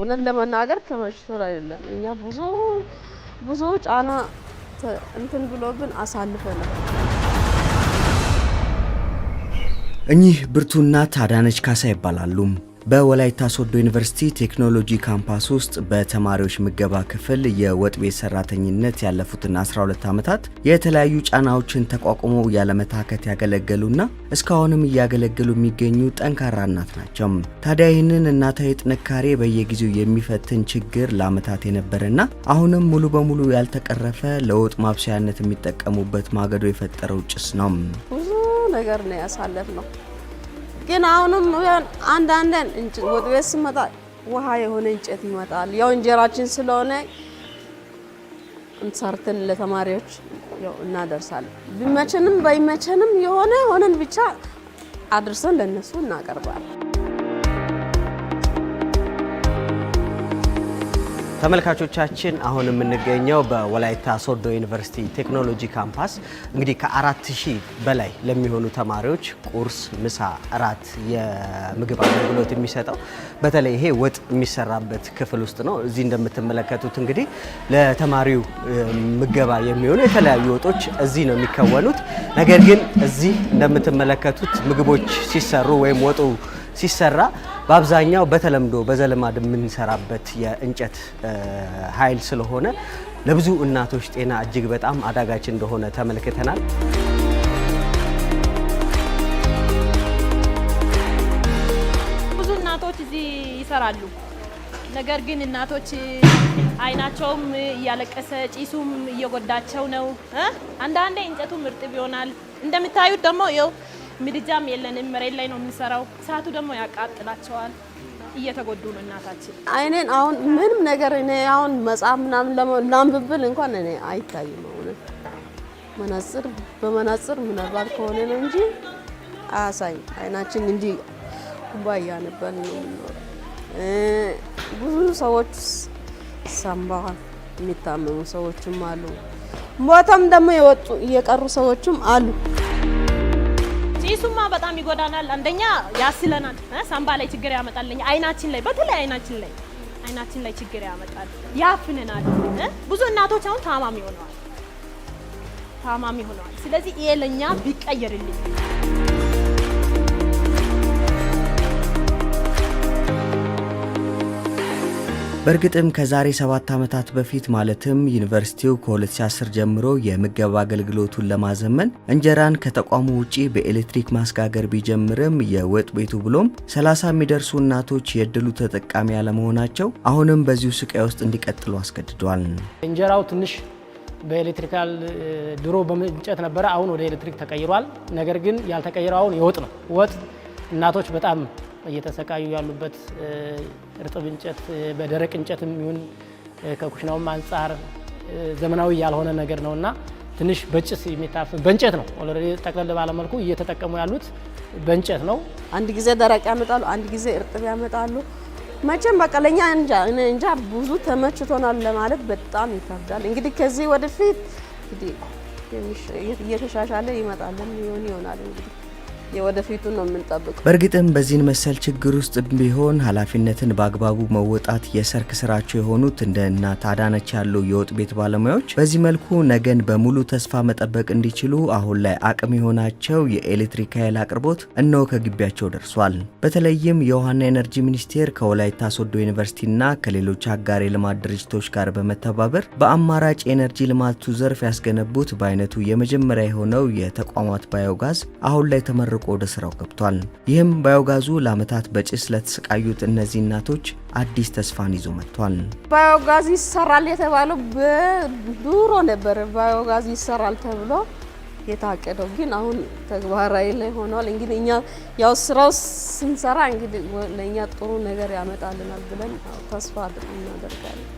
እውነት ለመናገር ተመችቶን አይደለም። እኛ ብዙ ብዙ ጫና እንትን ብሎብን አሳልፈናል። እኚህ ብርቱ እናት አዳነች ካሳ ይባላሉ። በወላይታ ሶዶ ዩኒቨርሲቲ ቴክኖሎጂ ካምፓስ ውስጥ በተማሪዎች ምገባ ክፍል የወጥ ቤት ሰራተኝነት ያለፉትን 12 ዓመታት የተለያዩ ጫናዎችን ተቋቁመው ያለመታከት ያገለገሉና እስካሁንም እያገለገሉ የሚገኙ ጠንካራ እናት ናቸው። ታዲያ ይህንን እናታዊ ጥንካሬ በየጊዜው የሚፈትን ችግር ለዓመታት የነበረና አሁንም ሙሉ በሙሉ ያልተቀረፈ ለወጥ ማብሰያነት የሚጠቀሙበት ማገዶ የፈጠረው ጭስ ነው። ብዙ ነገር ነው ያሳለፍ ነው ግን አሁንም አንዳንደን ወጥ ቤት ስመጣ ውሃ የሆነ እንጨት ይመጣል። ያው እንጀራችን ስለሆነ ሰርተን ለተማሪዎች ያው እናደርሳለን። ቢመቸንም ባይመቸንም የሆነ ሆነን ብቻ አድርሰን ለነሱ እናቀርባለን። ተመልካቾቻችን አሁን የምንገኘው በወላይታ ሶዶ ዩኒቨርሲቲ ቴክኖሎጂ ካምፓስ እንግዲህ ከአራት ሺህ በላይ ለሚሆኑ ተማሪዎች ቁርስ፣ ምሳ፣ እራት የምግብ አገልግሎት የሚሰጠው በተለይ ይሄ ወጥ የሚሰራበት ክፍል ውስጥ ነው። እዚህ እንደምትመለከቱት እንግዲህ ለተማሪው ምገባ የሚሆኑ የተለያዩ ወጦች እዚህ ነው የሚከወኑት። ነገር ግን እዚህ እንደምትመለከቱት ምግቦች ሲሰሩ ወይም ወጡ ሲሰራ በአብዛኛው በተለምዶ በዘለማድ የምንሰራበት የእንጨት ኃይል ስለሆነ ለብዙ እናቶች ጤና እጅግ በጣም አዳጋች እንደሆነ ተመልክተናል። ብዙ እናቶች እዚህ ይሰራሉ። ነገር ግን እናቶች አይናቸውም እያለቀሰ ጭሱም እየጎዳቸው ነው። አንዳንዴ እንጨቱም እርጥብ ይሆናል። እንደምታዩት ደግሞ ምድጃም የለንም፣ መሬት ላይ ነው የምንሰራው። እሳቱ ደግሞ ያቃጥላቸዋል። እየተጎዱ ነው እናታችን። አይኔን አሁን ምንም ነገር እኔ አሁን መጽሐፍ ምናምን ላንብብል እንኳን እኔ አይታይም። እውነት መነጽር በመነጽር ምናልባት ከሆነ ነው እንጂ አያሳይም። አይናችን እንዲህ ኩባያ ነበር ነው የምንኖረው። ብዙ ሰዎች ሳምባ የሚታመሙ ሰዎችም አሉ። ሞተም ደግሞ የወጡ እየቀሩ ሰዎችም አሉ። ጭሱማ በጣም ይጎዳናል። አንደኛ ያስለናል፣ ሳምባ ላይ ችግር ያመጣልኝ፣ አይናችን ላይ በተለይ አይናችን ላይ አይናችን ላይ ችግር ያመጣል፣ ያፍንናል። ብዙ እናቶች አሁን ታማሚ ሆነዋል ታማሚ ሆነዋል። ስለዚህ ይሄ ለኛ ቢቀየርልኝ በእርግጥም ከዛሬ ሰባት ዓመታት በፊት ማለትም ዩኒቨርሲቲው ከ2010 ጀምሮ የምገባ አገልግሎቱን ለማዘመን እንጀራን ከተቋሙ ውጪ በኤሌክትሪክ ማስጋገር ቢጀምርም የወጥ ቤቱ ብሎም 30 የሚደርሱ እናቶች የእድሉ ተጠቃሚ ያለመሆናቸው አሁንም በዚሁ ስቃይ ውስጥ እንዲቀጥሉ አስገድዷል። እንጀራው ትንሽ በኤሌክትሪካል ድሮ በእንጨት ነበረ፣ አሁን ወደ ኤሌክትሪክ ተቀይሯል። ነገር ግን ያልተቀየረው አሁን የወጥ ነው። ወጥ እናቶች በጣም እየተሰቃዩ ያሉበት እርጥብ እንጨት በደረቅ እንጨትም ይሁን ከኩሽናውም አንጻር ዘመናዊ ያልሆነ ነገር ነው እና ትንሽ በጭስ የሚታፍን በእንጨት ነው። ኦልሬዲ ጠቅለል ባለመልኩ እየተጠቀሙ ያሉት በእንጨት ነው። አንድ ጊዜ ደረቅ ያመጣሉ፣ አንድ ጊዜ እርጥብ ያመጣሉ። መቼም በቃ ለእኛ እንጃ ብዙ ተመችቶናል ለማለት በጣም ይከብዳል። እንግዲህ ከዚህ ወደፊት እየተሻሻለ ይመጣለን ይሆን ይሆናል እንግዲህ የወደፊቱን ነው የምንጠብቀው። በእርግጥም በዚህን መሰል ችግር ውስጥ ቢሆን ኃላፊነትን በአግባቡ መወጣት የሰርክ ስራቸው የሆኑት እንደ እናት አዳነች ያሉ የወጥ ቤት ባለሙያዎች በዚህ መልኩ ነገን በሙሉ ተስፋ መጠበቅ እንዲችሉ አሁን ላይ አቅም የሆናቸው የኤሌክትሪክ ኃይል አቅርቦት እነሆ ከግቢያቸው ደርሷል። በተለይም የውሃና ኤነርጂ ሚኒስቴር ከወላይታ ሶዶ ዩኒቨርሲቲና ከሌሎች አጋር የልማት ድርጅቶች ጋር በመተባበር በአማራጭ የኤነርጂ ልማቱ ዘርፍ ያስገነቡት በአይነቱ የመጀመሪያ የሆነው የተቋማት ባዮጋዝ አሁን ላይ ተመርቆ ተመርቆ ወደ ስራው ገብቷል። ይህም ባዮጋዙ ለዓመታት በጭስ ለተሰቃዩት እነዚህ እናቶች አዲስ ተስፋን ይዞ መጥቷል። ባዮጋዝ ይሰራል የተባለው በዱሮ ነበረ። ባዮጋዝ ይሰራል ተብሎ የታቀደው ግን አሁን ተግባራዊ ላይ ሆኗል። እንግዲህ እኛ ያው ስራው ስንሰራ እንግዲህ ለእኛ ጥሩ ነገር ያመጣልናል ብለን ተስፋ እናደርጋለን።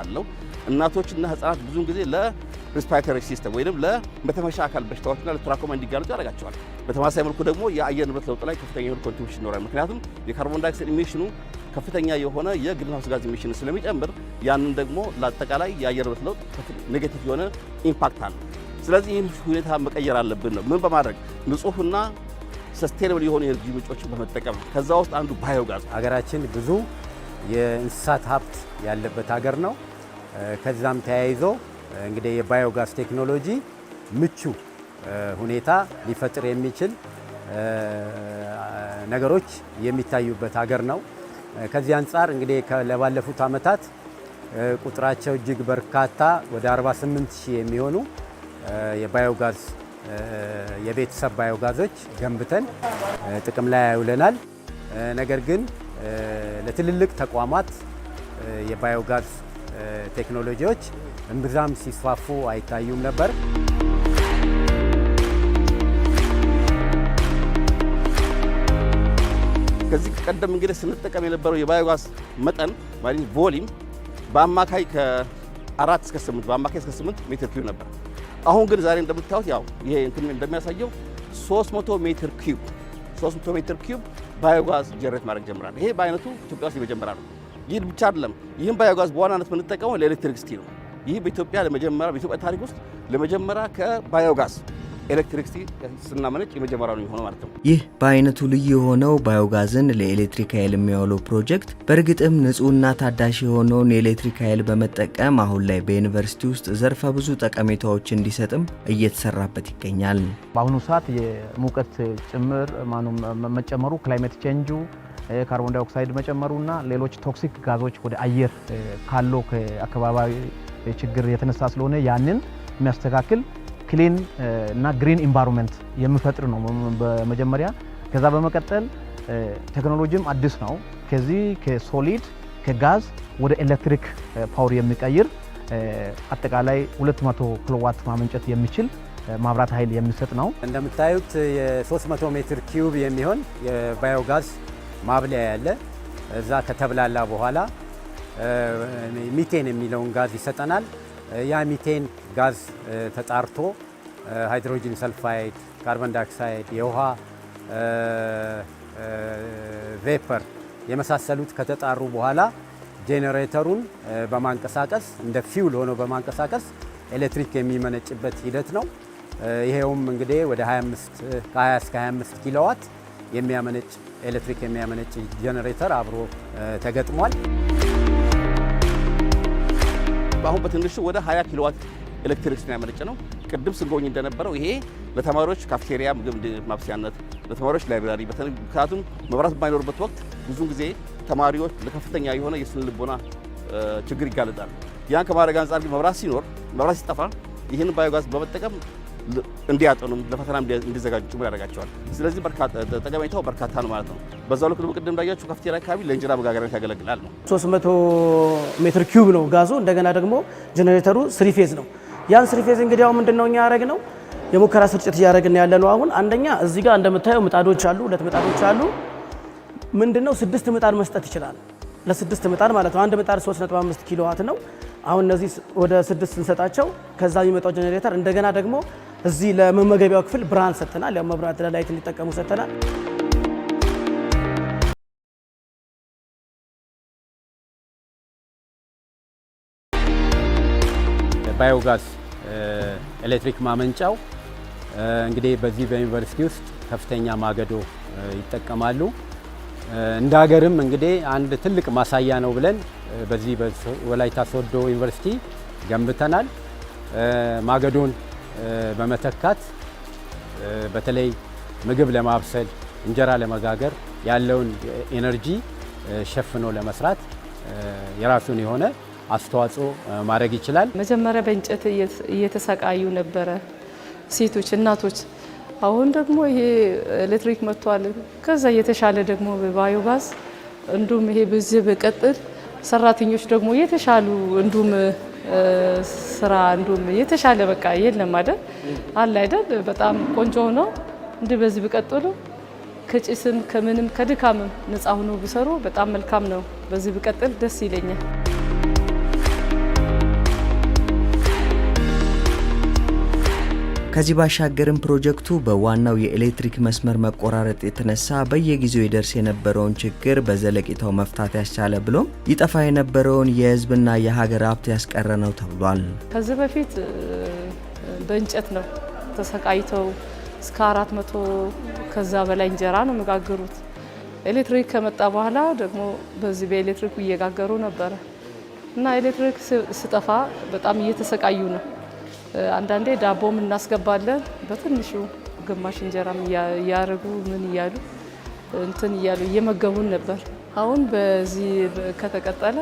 አለው። እናቶችና ህጻናት ብዙውን ጊዜ ለሪስፓይተሪ ሲስተም ወይም ለመተንፈሻ አካል በሽታዎችና ለትራኮማ እንዲጋለጡ ያደርጋቸዋል። በተመሳሳይ መልኩ ደግሞ የአየር ንብረት ለውጥ ላይ ከፍተኛ የሆነ ኮንትሪቢሽን ይኖራል። ምክንያቱም የካርቦን ዳይኦክሳይድ ኢሚሽኑ ከፍተኛ የሆነ የግሪንሃውስ ጋዝ ኢሚሽን ስለሚጨምር ያንን ደግሞ ለአጠቃላይ የአየር ንብረት ለውጥ ኔጌቲቭ የሆነ ኢምፓክት አለ። ስለዚህ ይህን ሁኔታ መቀየር አለብን ነው ምን በማድረግ ንጹህና ሰስቴናብል የሆኑ የኤነርጂ ምንጮችን በመጠቀም ከዛ ውስጥ አንዱ ባዮጋዝ ሀገራችን ብዙ የእንስሳት ሀብት ያለበት ሀገር ነው። ከዛም ተያይዞ እንግዲህ የባዮጋዝ ቴክኖሎጂ ምቹ ሁኔታ ሊፈጥር የሚችል ነገሮች የሚታዩበት ሀገር ነው። ከዚህ አንጻር እንግዲህ ለባለፉት ዓመታት ቁጥራቸው እጅግ በርካታ ወደ 48 ሺህ የሚሆኑ የባዮጋዝ የቤተሰብ ባዮጋዞች ገንብተን ጥቅም ላይ ያውለናል። ነገር ግን ለትልልቅ ተቋማት የባዮጋዝ ቴክኖሎጂዎች እምብዛም ሲስፋፉ አይታዩም ነበር። ከዚህ ቀደም እንግዲህ ስንጠቀም የነበረው የባዮጋዝ መጠን ማለት ቮሊም በአማካይ ከአራት እስከ ስምንት በአማካይ እስከ ስምንት ሜትር ኪዩ ነበር። አሁን ግን ዛሬ እንደምታዩት ያው ይሄ እንትን እንደሚያሳየው 300 ሜትር ኪዩብ 300 ሜትር ኪዩብ ባዮጋዝ ጀነሬት ማድረግ ጀምራል። ይሄ በአይነቱ ኢትዮጵያ ውስጥ የመጀመሪያ ነው። ይህ ብቻ አይደለም። ይህም ባዮጋዝ በዋናነት የምንጠቀመው ሲቲ ነው። ይህ በኢትዮጵያ ለመጀመሪያ በኢትዮጵያ ታሪክ ውስጥ ለመጀመሪያ ከባዮጋዝ ኤሌክትሪክሲቲ ስናመነጭ የመጀመሪያ ነው የሆነው ማለት ነው። ይህ በአይነቱ ልዩ የሆነው ባዮጋዝን ለኤሌክትሪክ ኃይል የሚያውለው ፕሮጀክት በእርግጥም ንጹህና ታዳሽ የሆነውን የኤሌክትሪክ ኃይል በመጠቀም አሁን ላይ በዩኒቨርሲቲ ውስጥ ዘርፈ ብዙ ጠቀሜታዎች እንዲሰጥም እየተሰራበት ይገኛል። በአሁኑ ሰዓት የሙቀት ጭምር መጨመሩ ክላይሜት ቼንጁ ካርቦን ዳይኦክሳይድ መጨመሩና ሌሎች ቶክሲክ ጋዞች ወደ አየር ካለው ከአካባቢ ችግር የተነሳ ስለሆነ ያንን የሚያስተካክል ክሊን እና ግሪን ኢንቫይሮንመንት የሚፈጥር ነው በመጀመሪያ። ከዛ በመቀጠል ቴክኖሎጂም አዲስ ነው። ከዚህ ከሶሊድ ከጋዝ ወደ ኤሌክትሪክ ፓወር የሚቀይር አጠቃላይ 200 ኪሎዋት ማመንጨት የሚችል ማብራት ኃይል የሚሰጥ ነው። እንደምታዩት የ300 ሜትር ኪዩብ የሚሆን የባዮጋዝ ማብለያ ያለ እዛ ከተብላላ በኋላ ሚቴን የሚለውን ጋዝ ይሰጠናል። ያ ሚቴን ጋዝ ተጣርቶ ሃይድሮጂን ሰልፋይድ፣ ካርቦን ዳይኦክሳይድ፣ የውሃ ቬፐር የመሳሰሉት ከተጣሩ በኋላ ጄኔሬተሩን በማንቀሳቀስ እንደ ፊውል ሆኖ በማንቀሳቀስ ኤሌክትሪክ የሚመነጭበት ሂደት ነው። ይሄውም እንግዲህ ወደ 25 ከ20 እስከ 25 ኪሎዋት የሚያመነጭ ኤሌክትሪክ የሚያመነጭ ጄኔሬተር አብሮ ተገጥሟል። አሁን በትንሹ ወደ 20 ኪሎዋት ኤሌክትሪክ የሚያመነጭ ነው። ቅድም ስንጎኝ እንደነበረው ይሄ ለተማሪዎች ካፍቴሪያ ምግብ ማብሰያነት፣ ለተማሪዎች ላይብራሪ፣ ምክንያቱም መብራት በማይኖርበት ወቅት ብዙ ጊዜ ተማሪዎች ለከፍተኛ የሆነ የስነ ልቦና ችግር ይጋለጣል። ያን ከማድረግ አንጻር ግን መብራት ሲኖር መብራት ሲጠፋ ይህን ባዮጋዝ በመጠቀም እንዲያጠኑም ለፈተና እንዲዘጋጁ ጭምር ያደርጋቸዋል። ስለዚህ ጠቀሜታው በርካታ ነው ማለት ነው። በዛ ልክ ደግሞ ቅድም እንዳያችሁ ካፍቴሪያ አካባቢ ለእንጀራ መጋገሪያነት ያገለግላል ነው። 300 ሜትር ኪዩብ ነው ጋዙ። እንደገና ደግሞ ጀኔሬተሩ ስሪፌዝ ፌዝ ነው። ያን ስሪፌዝ ፌዝ እንግዲህ አሁን ምንድነው እኛ ያደረግ ነው የሙከራ ስርጭት እያደረግን ያለ ነው። አሁን አንደኛ እዚህ ጋር እንደምታየው ምጣዶች አሉ፣ ሁለት ምጣዶች አሉ። ምንድነው ስድስት ምጣድ መስጠት ይችላል። ለስድስት ምጣድ ማለት ነው። አንድ ምጣድ 3.5 ኪሎ ዋት ነው። አሁን እነዚህ ወደ ስድስት ስንሰጣቸው ከዛ የሚመጣው ጀኔሬተር እንደገና ደግሞ እዚህ ለመመገቢያው ክፍል ብርሃን ሰጥተናል። ያው መብራት ለላይት እንዲጠቀሙ ሰጥተናል። ባዮጋዝ ኤሌክትሪክ ማመንጫው እንግዲህ በዚህ በዩኒቨርሲቲ ውስጥ ከፍተኛ ማገዶ ይጠቀማሉ። እንደ ሀገርም እንግዲህ አንድ ትልቅ ማሳያ ነው ብለን በዚህ ወላይታ ሶዶ ዩኒቨርሲቲ ገንብተናል። ማገዶን በመተካት በተለይ ምግብ ለማብሰል እንጀራ ለመጋገር ያለውን ኤነርጂ ሸፍኖ ለመስራት የራሱን የሆነ አስተዋጽኦ ማድረግ ይችላል። መጀመሪያ በእንጨት እየተሰቃዩ ነበረ ሴቶች፣ እናቶች። አሁን ደግሞ ይሄ ኤሌክትሪክ መጥቷል። ከዛ የተሻለ ደግሞ በባዮጋዝ እንዲሁም ይሄ በዚህ በቀጥል ሰራተኞች ደግሞ የተሻሉ እንዲሁም ስራ እንዲሁም የተሻለ በቃ የለም አይደል አለ አይደል በጣም ቆንጆ ነው። እንዲህ በዚህ ብቀጥሉ ከጭስም ከምንም ከድካምም ነፃ ሆኖ ብሰሩ በጣም መልካም ነው። በዚህ ብቀጥል ደስ ይለኛል። ከዚህ ባሻገርም ፕሮጀክቱ በዋናው የኤሌክትሪክ መስመር መቆራረጥ የተነሳ በየጊዜው ይደርስ የነበረውን ችግር በዘለቂታው መፍታት ያስቻለ ብሎም ይጠፋ የነበረውን የሕዝብና የሀገር ሀብት ያስቀረ ነው ተብሏል። ከዚህ በፊት በእንጨት ነው ተሰቃይተው እስከ አራት መቶ ከዛ በላይ እንጀራ ነው የሚጋግሩት። ኤሌክትሪክ ከመጣ በኋላ ደግሞ በዚህ በኤሌክትሪኩ እየጋገሩ ነበረ እና ኤሌክትሪክ ስጠፋ በጣም እየተሰቃዩ ነው። አንዳንዴ ዳቦም እናስገባለን። በትንሹ ግማሽ እንጀራም እያደረጉ ምን እያሉ እንትን እያሉ እየመገቡን ነበር። አሁን በዚህ ከተቀጠለ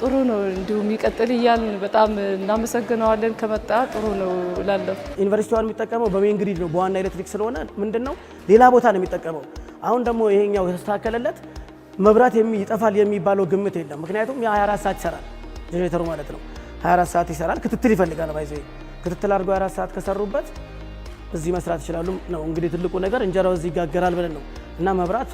ጥሩ ነው። እንዲሁም ይቀጥል እያልን በጣም እናመሰግነዋለን። ከመጣ ጥሩ ነው እላለሁ። ዩኒቨርሲቲዋን የሚጠቀመው በሜን ግሪድ ነው በዋና ኤሌክትሪክ ስለሆነ ምንድን ነው ሌላ ቦታ ነው የሚጠቀመው። አሁን ደግሞ ይሄኛው የተስተካከለለት መብራት ይጠፋል የሚባለው ግምት የለም። ምክንያቱም የ24 ሰዓት ይሰራል ጀኔሬተሩ ማለት ነው። 24 ሰዓት ይሰራል። ክትትል ይፈልጋል ባይዘ ክትትል አድርገው አራት ሰዓት ከሰሩበት እዚህ መስራት ይችላሉ ነው እንግዲህ ትልቁ ነገር። እንጀራው እዚህ ይጋገራል ብለን ነው እና መብራት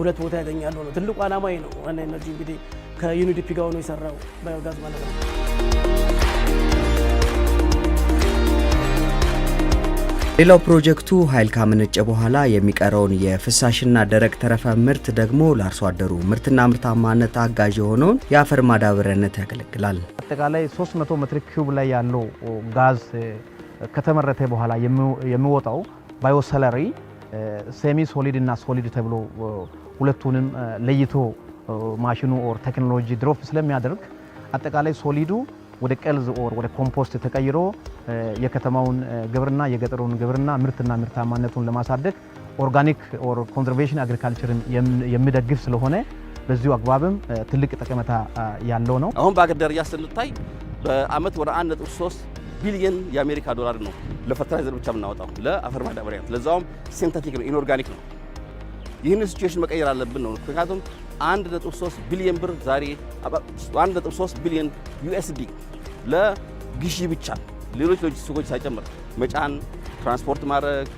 ሁለት ቦታ ያገኛሉ ነው ትልቁ ዓላማ ነው። ዋና ኢነርጂ እንግዲህ ከዩኒዲፒ ጋር ሆኖ የሰራው ባዮጋዝ ማለት ነው። ሌላው ፕሮጀክቱ ኃይል ካመነጨ በኋላ የሚቀረውን የፍሳሽና ደረቅ ተረፈ ምርት ደግሞ ለአርሶ አደሩ ምርትና ምርታማነት አጋዥ የሆነውን የአፈር ማዳበሪያነት ያገለግላል። አጠቃላይ 300 ሜትር ኪዩብ ላይ ያለው ጋዝ ከተመረተ በኋላ የሚወጣው ባዮሰለሪ ሴሚ ሶሊድ እና ሶሊድ ተብሎ ሁለቱንም ለይቶ ማሽኑ ኦር ቴክኖሎጂ ድሮፕ ስለሚያደርግ አጠቃላይ ሶሊዱ ወደ ቀልዝ ኦር ወደ ኮምፖስት ተቀይሮ የከተማውን ግብርና የገጠሩን ግብርና ምርትና ምርታማነቱን ለማሳደግ ኦርጋኒክ ኦር ኮንዘርቬሽን አግሪካልቸርን የሚደግፍ ስለሆነ በዚሁ አግባብም ትልቅ ጠቀሜታ ያለው ነው። አሁን በአገር ደረጃ ስንታይ በአመት ወደ 1.3 ቢሊየን የአሜሪካ ዶላር ነው ለፈርታይዘር ብቻ የምናወጣው ለአፈር ማዳበሪያ፣ ለዛውም ሲንተቲክ ነው ኢንኦርጋኒክ ነው። ይህን ሲቹዌሽን መቀየር አለብን ነው። ምክንያቱም 1.3 ቢሊዮን ብር ዛሬ 1.3 ቢሊዮን ዩኤስዲ ለግዢ ብቻ ሌሎች ሎጂስቲኮች ሳይጨምር መጫን፣ ትራንስፖርት ማድረግ፣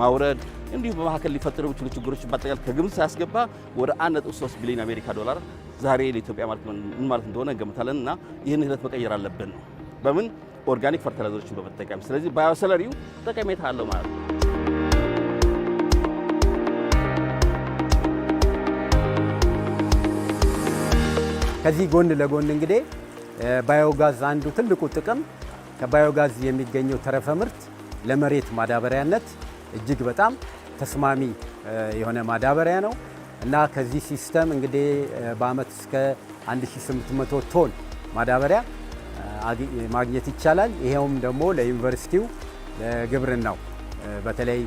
ማውረድ እንዲሁም በመካከል ሊፈጠሩ የሚችሉ ችግሮች በአጠቃላይ ከግምት ሲያስገባ ወደ 1.3 ቢሊዮን አሜሪካ ዶላር ዛሬ ለኢትዮጵያ ምን ማለት እንደሆነ እንገምታለን እና ይህን ሂደት መቀየር አለብን ነው በምን ኦርጋኒክ ፈርታላይዘሮችን በመጠቀም ስለዚህ ባዮሰለሪው ጠቀሜታ አለው ማለት ነው። ከዚህ ጎን ለጎን እንግዲህ ባዮጋዝ አንዱ ትልቁ ጥቅም ከባዮጋዝ የሚገኘው ተረፈ ምርት ለመሬት ማዳበሪያነት እጅግ በጣም ተስማሚ የሆነ ማዳበሪያ ነው እና ከዚህ ሲስተም እንግዲህ በአመት እስከ 1800 ቶን ማዳበሪያ ማግኘት ይቻላል። ይሄውም ደግሞ ለዩኒቨርሲቲው ለግብርናው በተለይ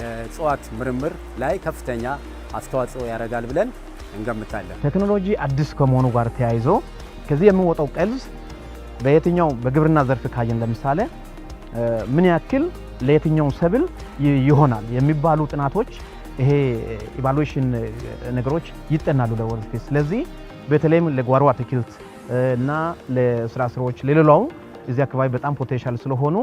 ለእጽዋት ምርምር ላይ ከፍተኛ አስተዋጽኦ ያደርጋል ብለን እንገምታለን። ቴክኖሎጂ አዲስ ከመሆኑ ጋር ተያይዞ ከዚህ የምንወጣው ቀልዝ በየትኛው በግብርና ዘርፍ ካየን ለምሳሌ ምን ያክል ለየትኛውም ሰብል ይሆናል የሚባሉ ጥናቶች ይሄ ኢቫሉዌሽን ነገሮች ይጠናሉ ለወርልድ ስለዚህ በተለይም ለጓሮ አትክልት እና ለስራ ስራዎች ለሌላውም እዚህ አካባቢ በጣም ፖቴንሻል ስለሆኑ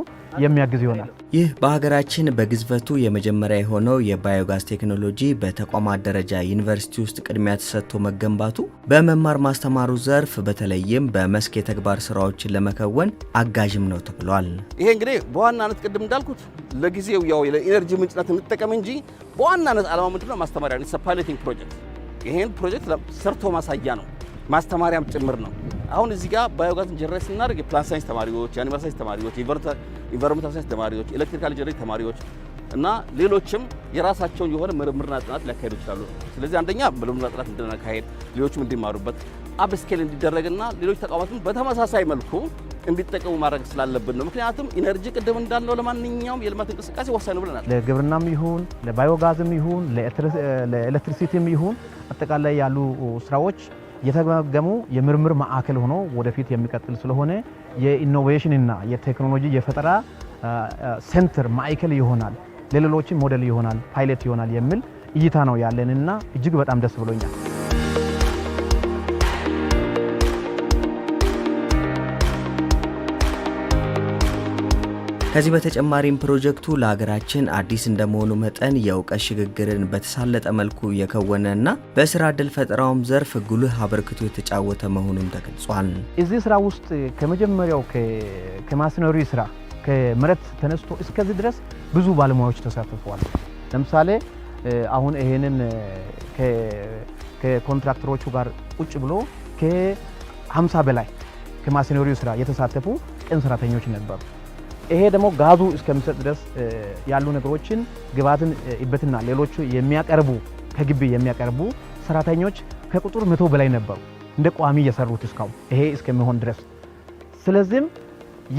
የሚያግዝ ይሆናል። ይህ በሀገራችን በግዝበቱ የመጀመሪያ የሆነው የባዮጋዝ ቴክኖሎጂ በተቋማት ደረጃ ዩኒቨርሲቲ ውስጥ ቅድሚያ ተሰጥቶ መገንባቱ በመማር ማስተማሩ ዘርፍ በተለይም በመስክ የተግባር ስራዎችን ለመከወን አጋዥም ነው ተብሏል። ይሄ እንግዲህ በዋናነት ቅድም እንዳልኩት ለጊዜው ያው ለኢነርጂ ምንጭነት እንጠቀም እንጂ በዋናነት ዓላማ ነው? ማስተማሪያ ፓይለቲንግ ፕሮጀክት ይህን ፕሮጀክት ሰርቶ ማሳያ ነው፣ ማስተማሪያም ጭምር ነው። አሁን እዚህ ጋር ባዮጋዝ ጀነሬት ስናደርግ የፕላንት ሳይንስ ተማሪዎች፣ የአኒማል ሳይንስ ተማሪዎች፣ ኢንቫይሮንመንታል ሳይንስ ተማሪዎች፣ ኤሌክትሪካል ኢንጂነሪንግ ተማሪዎች እና ሌሎችም የራሳቸውን የሆነ ምርምርና ጥናት ሊያካሄዱ ይችላሉ። ስለዚህ አንደኛ ምርምርና ጥናት እንድናካሄድ ሌሎችም እንዲማሩበት አብስኬል እንዲደረግና ሌሎች ተቋማትም በተመሳሳይ መልኩ እንዲጠቀሙ ማድረግ ስላለብን ነው። ምክንያቱም ኢነርጂ ቅድም እንዳለው ለማንኛውም የልማት እንቅስቃሴ ወሳኝ ነው ብለናል። ለግብርናም ይሁን ለባዮጋዝም ይሁን ለኤሌክትሪሲቲም ይሁን አጠቃላይ ያሉ ስራዎች የተገመገሙ የምርምር ማዕከል ሆኖ ወደፊት የሚቀጥል ስለሆነ የኢኖቬሽንና የቴክኖሎጂ የፈጠራ ሴንተር ማዕከል ይሆናል፣ ለሌሎችም ሞዴል ይሆናል፣ ፓይለት ይሆናል የሚል እይታ ነው ያለንና እጅግ በጣም ደስ ብሎኛል። ከዚህ በተጨማሪም ፕሮጀክቱ ለሀገራችን አዲስ እንደመሆኑ መጠን የእውቀት ሽግግርን በተሳለጠ መልኩ የከወነ እና በስራ ድል ፈጠራውም ዘርፍ ጉልህ አበርክቶ የተጫወተ መሆኑም ተገልጿል። እዚህ ስራ ውስጥ ከመጀመሪያው ከማስነሪ ስራ ከመሬት ተነስቶ እስከዚህ ድረስ ብዙ ባለሙያዎች ተሳትፈዋል። ለምሳሌ አሁን ይሄንን ከኮንትራክተሮቹ ጋር ቁጭ ብሎ ከ50 በላይ ከማስነሪው ስራ የተሳተፉ ቀን ሰራተኞች ነበሩ። ይሄ ደግሞ ጋዙ እስከሚሰጥ ድረስ ያሉ ነገሮችን ግብአትን ይበትና ሌሎቹ የሚያቀርቡ ከግቢ የሚያቀርቡ ሰራተኞች ከቁጥር መቶ በላይ ነበሩ እንደ ቋሚ እየሰሩት እስካሁን ይሄ እስከሚሆን ድረስ። ስለዚህም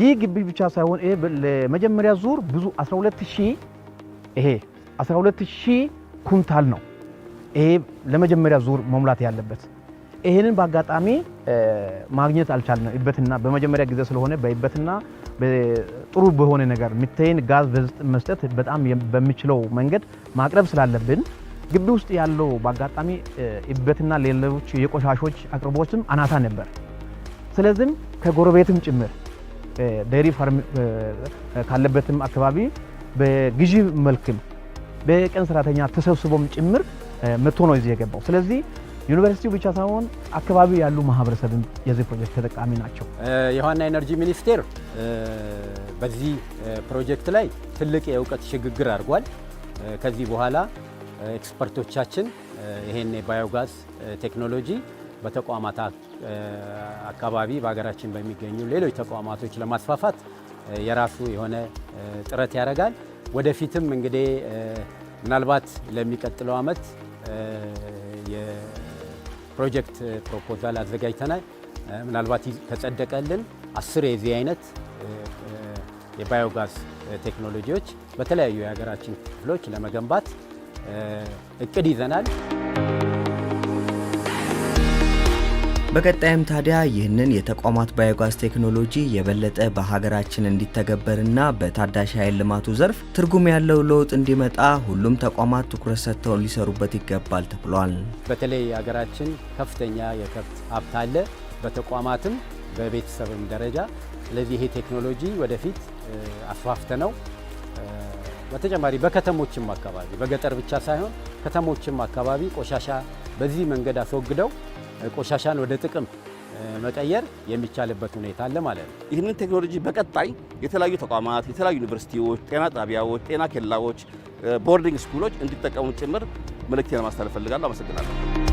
ይህ ግቢ ብቻ ሳይሆን ይሄ ለመጀመሪያ ዙር ብዙ 12000 ይሄ 12000 ኩንታል ነው ይሄ ለመጀመሪያ ዙር መሙላት ያለበት። ይሄንን በአጋጣሚ ማግኘት አልቻልንም። እበትና በመጀመሪያ ጊዜ ስለሆነ በእበትና ጥሩ በሆነ ነገር ሚቴን ጋዝ መስጠት በጣም በሚችለው መንገድ ማቅረብ ስላለብን ግቢ ውስጥ ያለው በአጋጣሚ እበትና ሌሎች የቆሻሾች አቅርቦችም አናታ ነበር። ስለዚህም ከጎረቤትም ጭምር ዴሪ ፋርም ካለበትም አካባቢ በግዢ መልክም በቀን ሰራተኛ ተሰብስቦም ጭምር መጥቶ ነው እዚህ የገባው። ስለዚህ ዩኒቨርሲቲው ብቻ ሳይሆን አካባቢ ያሉ ማህበረሰብን የዚህ ፕሮጀክት ተጠቃሚ ናቸው። የውሃና ኢነርጂ ሚኒስቴር በዚህ ፕሮጀክት ላይ ትልቅ የእውቀት ሽግግር አድርጓል። ከዚህ በኋላ ኤክስፐርቶቻችን ይሄን የባዮጋዝ ቴክኖሎጂ በተቋማት አካባቢ በሀገራችን በሚገኙ ሌሎች ተቋማቶች ለማስፋፋት የራሱ የሆነ ጥረት ያደርጋል። ወደፊትም እንግዲህ ምናልባት ለሚቀጥለው ዓመት ፕሮጀክት ፕሮፖዛል አዘጋጅተናል። ምናልባት ከጸደቀልን አስር የዚህ አይነት የባዮጋዝ ቴክኖሎጂዎች በተለያዩ የሀገራችን ክፍሎች ለመገንባት እቅድ ይዘናል። በቀጣይም ታዲያ ይህንን የተቋማት ባዮጋዝ ቴክኖሎጂ የበለጠ በሀገራችን እንዲተገበርና በታዳሽ ኃይል ልማቱ ዘርፍ ትርጉም ያለው ለውጥ እንዲመጣ ሁሉም ተቋማት ትኩረት ሰጥተው ሊሰሩበት ይገባል ተብሏል። በተለይ ሀገራችን ከፍተኛ የከብት ሀብት አለ፣ በተቋማትም በቤተሰብም ደረጃ። ስለዚህ ይሄ ቴክኖሎጂ ወደፊት አስፋፍተ ነው በተጨማሪ በከተሞችም አካባቢ በገጠር ብቻ ሳይሆን ከተሞችም አካባቢ ቆሻሻ በዚህ መንገድ አስወግደው ቆሻሻን ወደ ጥቅም መቀየር የሚቻልበት ሁኔታ አለ ማለት ነው። ይህንን ቴክኖሎጂ በቀጣይ የተለያዩ ተቋማት፣ የተለያዩ ዩኒቨርሲቲዎች፣ ጤና ጣቢያዎች፣ ጤና ኬላዎች፣ ቦርዲንግ ስኩሎች እንዲጠቀሙ ጭምር መልእክቴን ለማስተላለፍ ፈልጋለሁ። አመሰግናለሁ።